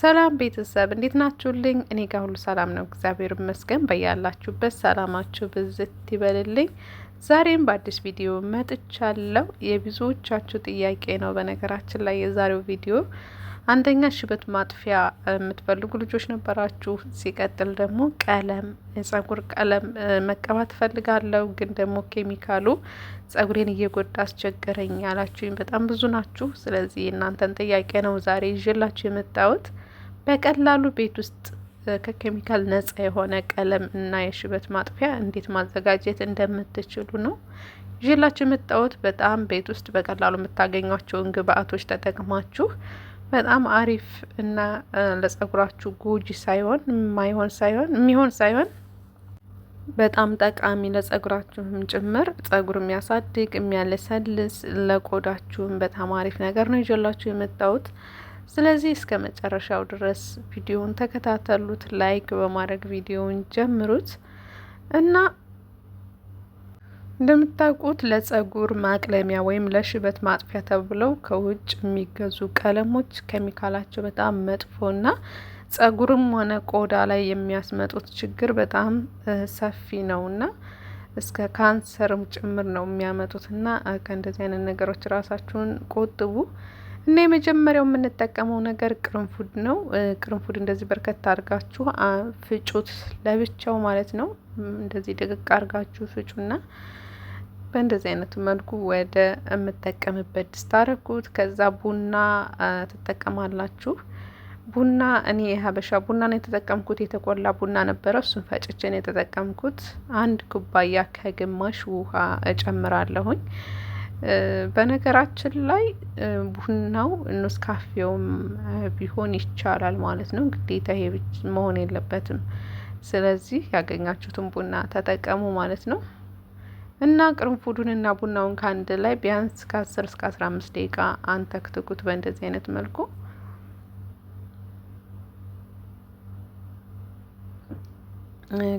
ሰላም ቤተሰብ እንዴት ናችሁልኝ? እኔ ጋር ሁሉ ሰላም ነው፣ እግዚአብሔር ይመስገን። በያላችሁበት ሰላማችሁ ብዝት ይበልልኝ። ዛሬም በአዲስ ቪዲዮ መጥቻለሁ። የብዙዎቻችሁ ጥያቄ ነው። በነገራችን ላይ የዛሬው ቪዲዮ አንደኛ ሽበት ማጥፊያ የምትፈልጉ ልጆች ነበራችሁ። ሲቀጥል ደግሞ ቀለም፣ የጸጉር ቀለም መቀባት ፈልጋለሁ፣ ግን ደግሞ ኬሚካሉ ጸጉሬን እየጎዳ አስቸገረኝ ያላችሁኝ በጣም ብዙ ናችሁ። ስለዚህ እናንተን ጥያቄ ነው ዛሬ ይዤላችሁ የመጣሁት። በቀላሉ ቤት ውስጥ ከኬሚካል ነጻ የሆነ ቀለም እና የሽበት ማጥፊያ እንዴት ማዘጋጀት እንደምትችሉ ነው ይዤላችሁ የመጣሁት። በጣም ቤት ውስጥ በቀላሉ የምታገኟቸውን ግብአቶች ተጠቅማችሁ በጣም አሪፍ እና ለጸጉራችሁ ጎጂ ሳይሆን የማይሆን ሳይሆን የሚሆን ሳይሆን በጣም ጠቃሚ ለጸጉራችሁም ጭምር ጸጉር የሚያሳድግ የሚያለሰልስ፣ ለቆዳችሁም በጣም አሪፍ ነገር ነው ይዤላችሁ የመጣሁት። ስለዚህ እስከ መጨረሻው ድረስ ቪዲዮውን ተከታተሉት፣ ላይክ በማድረግ ቪዲዮውን ጀምሩት እና እንደምታውቁት ለጸጉር ማቅለሚያ ወይም ለሽበት ማጥፊያ ተብለው ከውጭ የሚገዙ ቀለሞች ኬሚካላቸው በጣም መጥፎና ጸጉርም ሆነ ቆዳ ላይ የሚያስመጡት ችግር በጣም ሰፊ ነውና እስከ ካንሰርም ጭምር ነው የሚያመጡትና ከእንደዚህ አይነት ነገሮች ራሳችሁን ቆጥቡ። እና የመጀመሪያው የምንጠቀመው ነገር ቅርንፉድ ነው። ቅርንፉድ እንደዚህ በርከት አድርጋችሁ ፍጩት፣ ለብቻው ማለት ነው። እንደዚህ ድቅቅ አድርጋችሁ ፍጩና በእንደዚህ አይነቱ መልኩ ወደ የምጠቀምበት ድስት አረኩት። ከዛ ቡና ትጠቀማላችሁ። ቡና እኔ የሀበሻ ቡና ነው የተጠቀምኩት። የተቆላ ቡና ነበረው፣ እሱን ፈጭቼ ነው የተጠቀምኩት። አንድ ኩባያ ከግማሽ ውሃ እጨምራለሁኝ። በነገራችን ላይ ቡናው ካፌው ቢሆን ይቻላል ማለት ነው። ግዴታ ይሄ ብቻ መሆን የለበትም። ስለዚህ ያገኛችሁትን ቡና ተጠቀሙ ማለት ነው። እና ቅርንፉዱን እና ቡናውን ከአንድ ላይ ቢያንስ ከ10 እስከ 15 ደቂቃ አንተክትኩት በእንደዚህ አይነት መልኩ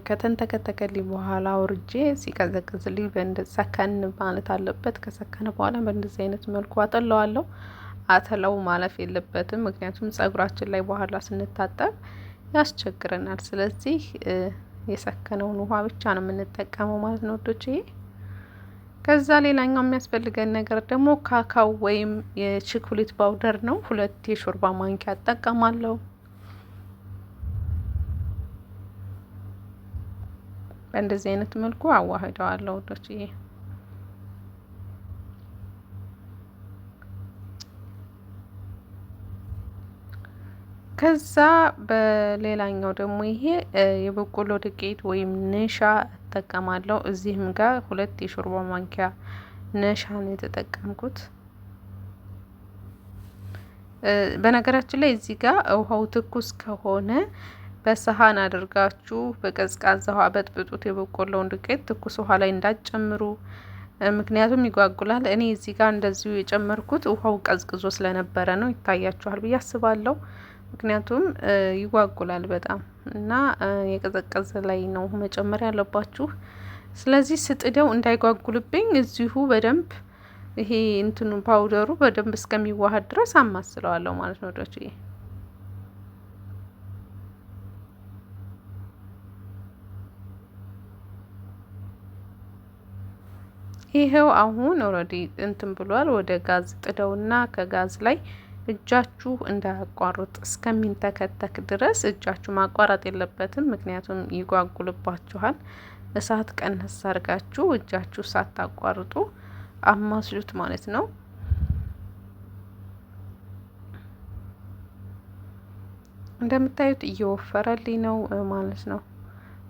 ከተንተከተከልኝ በኋላ አውርጄ ሲቀዘቅዝልኝ ሰከን ማለት አለበት። ከሰከነ በኋላ በእንደዚህ አይነት መልኩ አጠለዋለሁ። አተላው ማለፍ የለበትም ምክንያቱም ጸጉራችን ላይ በኋላ ስንታጠብ ያስቸግረናል። ስለዚህ የሰከነውን ውሃ ብቻ ነው የምንጠቀመው ማለት ነው ወዶቼ። ከዛ ሌላኛው የሚያስፈልገን ነገር ደግሞ ካካው ወይም የቺኩሊት ባውደር ነው። ሁለት የሾርባ ማንኪያ እጠቀማለሁ። በእንደዚህ አይነት መልኩ አዋህደዋለሁ ወዶችዬ። ከዛ በሌላኛው ደግሞ ይሄ የበቆሎ ዱቄት ወይም ነሻ እጠቀማለሁ። እዚህም ጋር ሁለት የሾርባ ማንኪያ ነሻ ነው የተጠቀምኩት። በነገራችን ላይ እዚህ ጋር ውሃው ትኩስ ከሆነ በሰሃን አድርጋችሁ በቀዝቃዛ ውሃ በጥብጡት። የበቆሎውን ዱቄት ትኩስ ውሃ ላይ እንዳትጨምሩ፣ ምክንያቱም ይጓጉላል። እኔ እዚህ ጋር እንደዚሁ የጨመርኩት ውሃው ቀዝቅዞ ስለነበረ ነው። ይታያችኋል ብዬ አስባለሁ። ምክንያቱም ይጓጉላል በጣም እና የቀዘቀዘ ላይ ነው መጨመር ያለባችሁ። ስለዚህ ስጥደው እንዳይጓጉልብኝ እዚሁ በደንብ ይሄ እንትኑ ፓውደሩ በደንብ እስከሚዋሃድ ድረስ አማስለዋለሁ ማለት ነው ዶችዬ ይሄው አሁን ኦልሬዲ እንትን ብሏል። ወደ ጋዝ ጥደውና ከጋዝ ላይ እጃችሁ እንዳያቋርጥ እስከሚንተከተክ ድረስ እጃችሁ ማቋረጥ የለበትም። ምክንያቱም ይጓጉልባችኋል። እሳት ቀነስ አርጋችሁ እጃችሁ ሳታቋርጡ አማስሉት ማለት ነው። እንደምታዩት እየወፈረልኝ ነው ማለት ነው።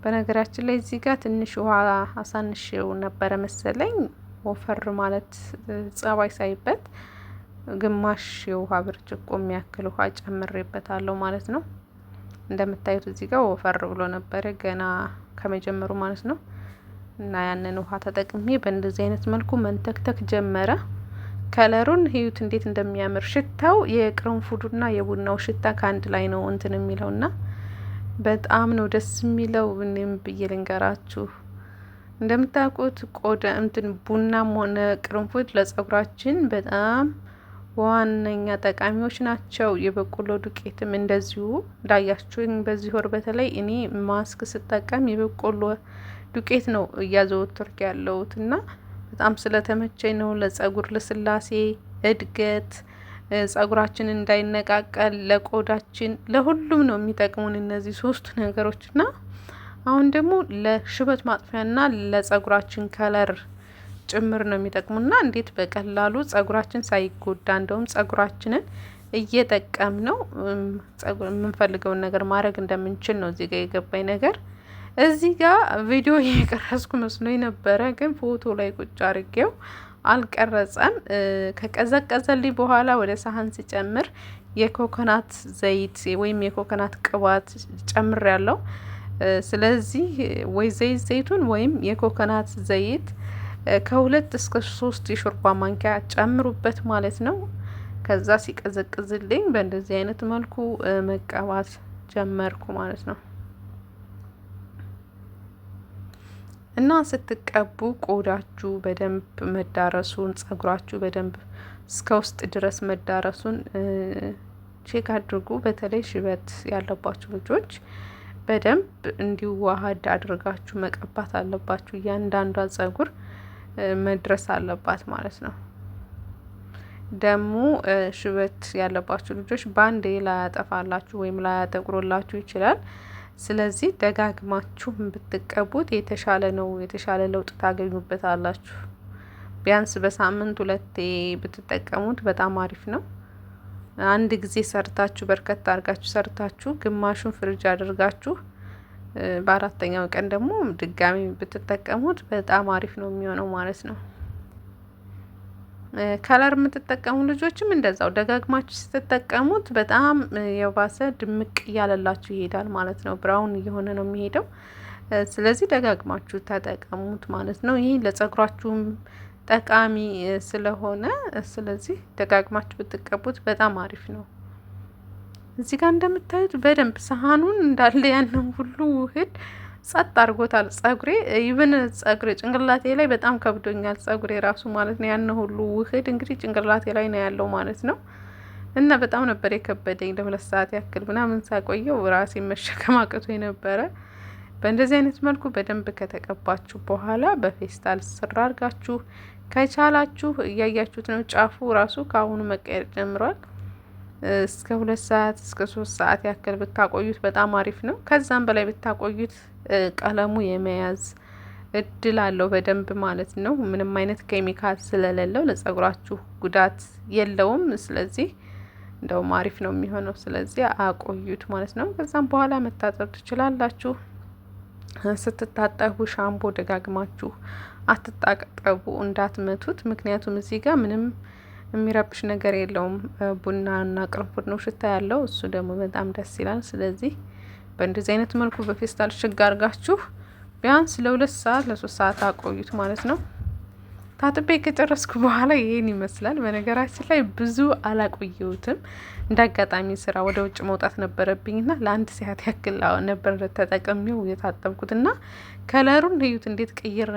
በነገራችን ላይ እዚህ ጋር ትንሽ ውሃ አሳንሽው ነበረ መሰለኝ ወፈር ማለት ጸባይ ሳይበት ግማሽ የውሃ ብርጭቆ የሚያክል ውሃ ጨምሬበታለሁ ማለት ነው። እንደምታዩት እዚህ ጋር ወፈር ብሎ ነበረ ገና ከመጀመሩ ማለት ነው። እና ያንን ውሃ ተጠቅሜ በእንደዚህ አይነት መልኩ መንተክተክ ጀመረ። ከለሩን ህዩት እንዴት እንደሚያምር ሽታው የቅርንፉዱና የቡናው ሽታ ከአንድ ላይ ነው እንትን የሚለውና በጣም ነው ደስ የሚለው። እኔም ብዬ ልንገራችሁ እንደምታውቁት ቆዳ እንትን ቡናም ሆነ ቅርንፉድ ለጸጉራችን በጣም ዋነኛ ጠቃሚዎች ናቸው። የበቆሎ ዱቄትም እንደዚሁ እንዳያችሁኝ፣ በዚህ ወር በተለይ እኔ ማስክ ስጠቀም የበቆሎ ዱቄት ነው እያዘወተርኩ ያለሁት እና በጣም ስለተመቸኝ ነው። ለጸጉር ልስላሴ እድገት፣ ጸጉራችን እንዳይነቃቀል፣ ለቆዳችን፣ ለሁሉም ነው የሚጠቅሙን እነዚህ ሶስቱ ነገሮች እና አሁን ደግሞ ለሽበት ማጥፊያና ለጸጉራችን ከለር ጭምር ነው የሚጠቅሙና እንዴት በቀላሉ ጸጉራችን ሳይጎዳ እንደውም ጸጉራችንን እየጠቀም ነው የምንፈልገውን ነገር ማድረግ እንደምንችል ነው እዚህ ጋር የገባኝ ነገር። እዚህ ጋር ቪዲዮ እየቀረጽኩ መስሎ ነበረ፣ ግን ፎቶ ላይ ቁጭ አድርጌው አልቀረጸም። ከቀዘቀዘልኝ በኋላ ወደ ሳህን ሲጨምር የኮኮናት ዘይት ወይም የኮኮናት ቅባት ጨምር ያለው ስለዚህ ወይ ዘይት ዘይቱን ወይም የኮኮናት ዘይት ከሁለት እስከ ሶስት የሾርባ ማንኪያ ጨምሩበት ማለት ነው። ከዛ ሲቀዘቅዝልኝ በእንደዚህ አይነት መልኩ መቀባት ጀመርኩ ማለት ነው። እና ስትቀቡ ቆዳችሁ በደንብ መዳረሱን፣ ጸጉራችሁ በደንብ እስከ ውስጥ ድረስ መዳረሱን ቼክ አድርጉ። በተለይ ሽበት ያለባችሁ ልጆች በደንብ እንዲዋሃድ አድርጋችሁ መቀባት አለባችሁ። እያንዳንዷ ጸጉር መድረስ አለባት ማለት ነው። ደግሞ ሽበት ያለባችሁ ልጆች በአንዴ ላያጠፋላችሁ ወይም ላያጠቁሮላችሁ ይችላል። ስለዚህ ደጋግማችሁ ብትቀቡት የተሻለ ነው። የተሻለ ለውጥ ታገኙበታላችሁ። ቢያንስ በሳምንት ሁለቴ ብትጠቀሙት በጣም አሪፍ ነው። አንድ ጊዜ ሰርታችሁ በርከት አድርጋችሁ ሰርታችሁ ግማሹን ፍርጅ አድርጋችሁ በአራተኛው ቀን ደግሞ ድጋሚ ብትጠቀሙት በጣም አሪፍ ነው የሚሆነው ማለት ነው። ከለር የምትጠቀሙ ልጆችም እንደዛው ደጋግማችሁ ስትጠቀሙት በጣም የባሰ ድምቅ እያለላችሁ ይሄዳል ማለት ነው። ብራውን እየሆነ ነው የሚሄደው። ስለዚህ ደጋግማችሁ ተጠቀሙት ማለት ነው። ይህ ለጸጉራችሁም ጠቃሚ ስለሆነ ስለዚህ ደጋግማችሁ ብትቀቡት በጣም አሪፍ ነው። እዚህ ጋር እንደምታዩት በደንብ ሰሃኑን እንዳለ ያንን ሁሉ ውህድ ጸጥ አድርጎታል። ጸጉሬ ይብን ጸጉሬ ጭንቅላቴ ላይ በጣም ከብዶኛል። ጸጉሬ ራሱ ማለት ነው ያን ሁሉ ውህድ እንግዲህ ጭንቅላቴ ላይ ነው ያለው ማለት ነው። እና በጣም ነበር የከበደኝ ለሁለት ሰዓት ያክል ምናምን ሳቆየው ራሴ መሸከም አቅቶ የነበረ። በእንደዚህ አይነት መልኩ በደንብ ከተቀባችሁ በኋላ በፌስታል ስራ አድርጋችሁ ከቻላችሁ እያያችሁት ነው። ጫፉ ራሱ ከአሁኑ መቀየር ጀምሯል። እስከ ሁለት ሰዓት እስከ ሶስት ሰዓት ያክል ብታቆዩት በጣም አሪፍ ነው። ከዛም በላይ ብታቆዩት ቀለሙ የመያዝ እድል አለው በደንብ ማለት ነው። ምንም አይነት ኬሚካል ስለሌለው ለጸጉራችሁ ጉዳት የለውም። ስለዚህ እንደውም አሪፍ ነው የሚሆነው። ስለዚህ አቆዩት ማለት ነው። ከዛም በኋላ መታጠብ ትችላላችሁ። ስትታጠቡ ሻምፖ ደጋግማችሁ አትጣጠቡ፣ እንዳትመቱት። ምክንያቱም እዚህ ጋር ምንም የሚረብሽ ነገር የለውም። ቡና እና ቅርንፉድ ነው ሽታ ያለው። እሱ ደግሞ በጣም ደስ ይላል። ስለዚህ በእንደዚህ አይነት መልኩ በፌስታል ሽግ አርጋችሁ ቢያንስ ለሁለት ሰዓት ለሶስት ሰዓት አቆዩት ማለት ነው። ታጥቤ ከጨረስኩ በኋላ ይህን ይመስላል። በነገራችን ላይ ብዙ አላቆየሁትም። እንደ አጋጣሚ ስራ ወደ ውጭ መውጣት ነበረብኝና ለአንድ ሰዓት ያክል ነበር ተጠቀሚው የታጠብኩትና ከለሩን ልዩት እንዴት ቀይር